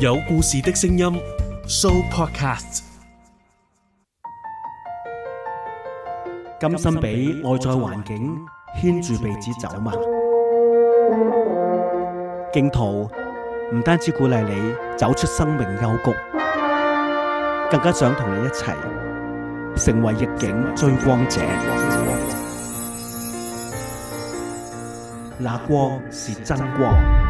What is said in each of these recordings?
有故事的聲音，Sooopodcast。甘心俾外在環境牽住鼻子走嗎？荊徒唔單止鼓勵你走出生命幽谷，更加想同你一齊成為逆境追光者。那光是真光。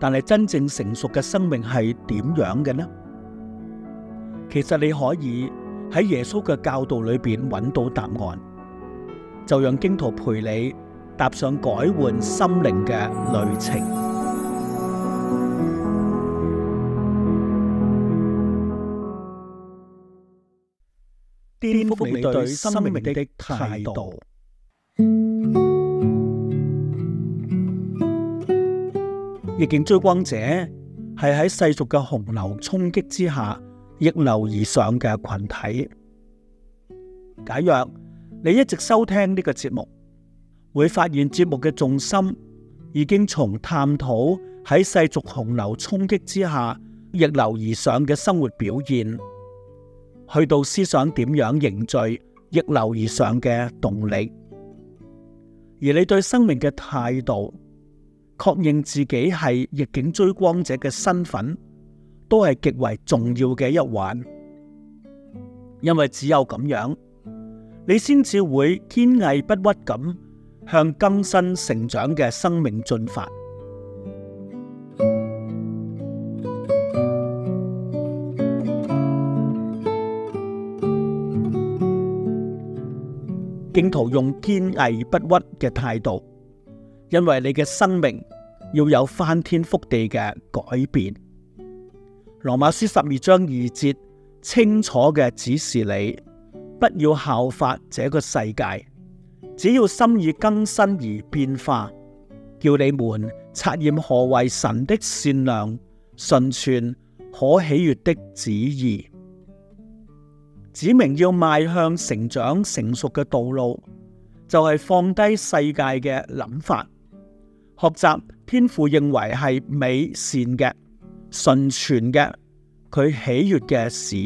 但係真正成熟嘅生命係點樣嘅呢？其實你可以喺耶穌嘅教導裏邊揾到答案，就讓荊徒陪你踏上改換心靈嘅旅程，顛覆你對生命的態度。逆境追光者係喺世俗嘅洪流衝擊之下逆流而上嘅群體。假若你一直收聽呢個節目，會發現節目嘅重心已經從探討喺世俗洪流衝擊之下逆流而上嘅生活表現，去到思想點樣凝聚逆流而上嘅動力，而你對生命嘅態度。確認自己係逆境追光者嘅身份，都係極為重要嘅一環。因為只有咁樣，你先至會堅毅不屈咁向更新成長嘅生命進發。荊徒用堅毅不屈嘅態度。因為你嘅生命要有翻天覆地嘅改變，《羅馬書》十二章二節清楚嘅指示你，不要效法這個世界，只要心意更新而變化，叫你們察驗何為神的善良、純全、可喜悅的旨意。指明要邁向成長成熟嘅道路，就係、是、放低世界嘅諗法。學習天父認為係美善嘅、純全嘅、佢喜悦嘅事。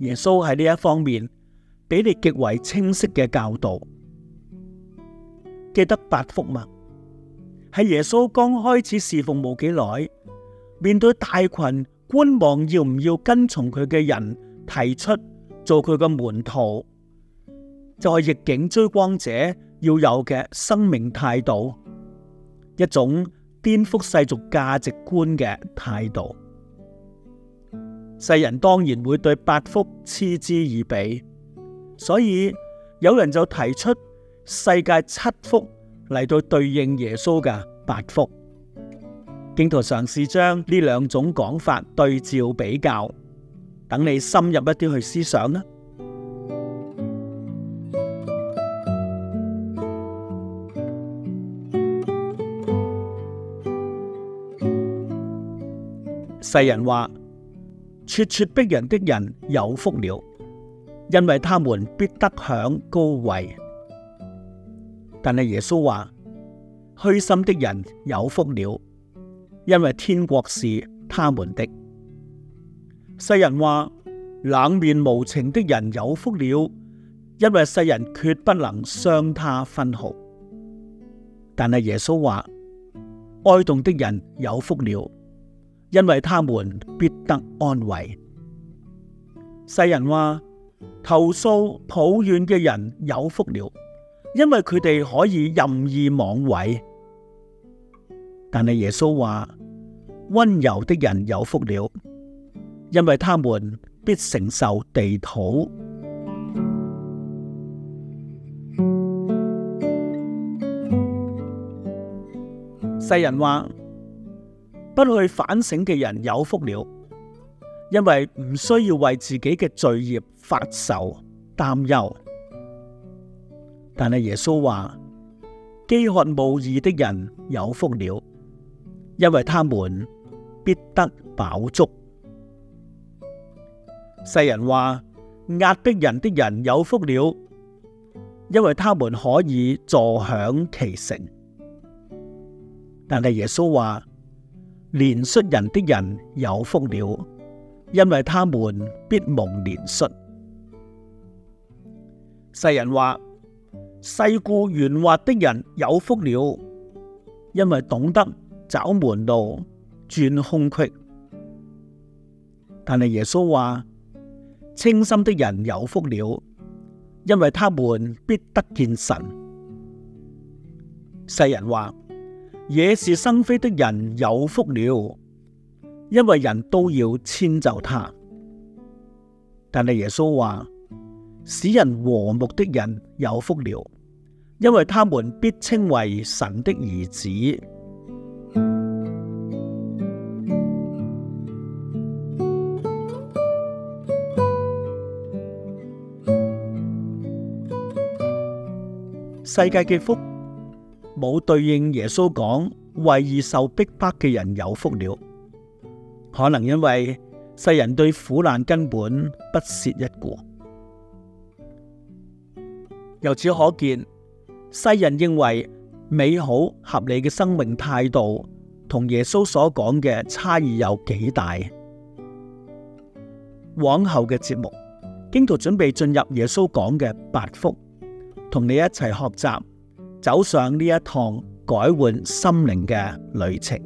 耶穌喺呢一方面俾你極為清晰嘅教導。記得八福嗎？喺耶穌剛開始侍奉冇幾耐。面對大群觀望要唔要跟從佢嘅人，提出做佢嘅門徒，就係逆境追光者要有嘅生命態度，一種顛覆世俗價值觀嘅態度。世人當然會對八福嗤之以鼻，所以有人就提出世界七福嚟到對，對應耶穌嘅八福。荊徒嘗試將呢兩種講法對照比較，等你深入一啲去思想啦。世人話，咄咄逼人的人有福了，因為他們必得享高位。但係耶穌話，虛心的人有福了。因為天國是他們的。世人話，冷面無情的人有福了，因為世人決不能傷他分毫。但係耶穌話，哀慟的人有福了，因為他們必得安慰。世人話，投訴抱怨嘅人有福了，因為佢哋可以任意妄為。但係耶穌話，溫柔的人有福了，因為他們必承受地土。世人話不去反省嘅人有福了，因為唔需要為自己嘅罪業發愁擔憂。但係耶穌話飢渴慕義的人有福了，因為他們。必得飽足。世人話，壓迫人的人有福了，因為他們可以坐享其成。但係耶穌話，憐恤人的人有福了，因為他們必蒙憐恤。世人話，世故圓滑的人有福了，因為懂得找門路，轉空隙，但係耶穌話：清心的人有福了，因為他們必得見神。世人話：惹是生非的人有福了，因為人都要遷就他。但係耶穌話：使人和睦的人有福了，因為他們必稱為神的兒子。世界嘅福冇對應耶穌講，為義受逼迫嘅人有福了，可能因為世人對苦難根本不屑一顧。由此可見，世人認為美好合理嘅生命態度同耶穌所講嘅差異有幾大？往後嘅節目，荊徒準備進入耶穌講嘅八福。同你一齊學習，走上呢一趟改換心靈嘅旅程。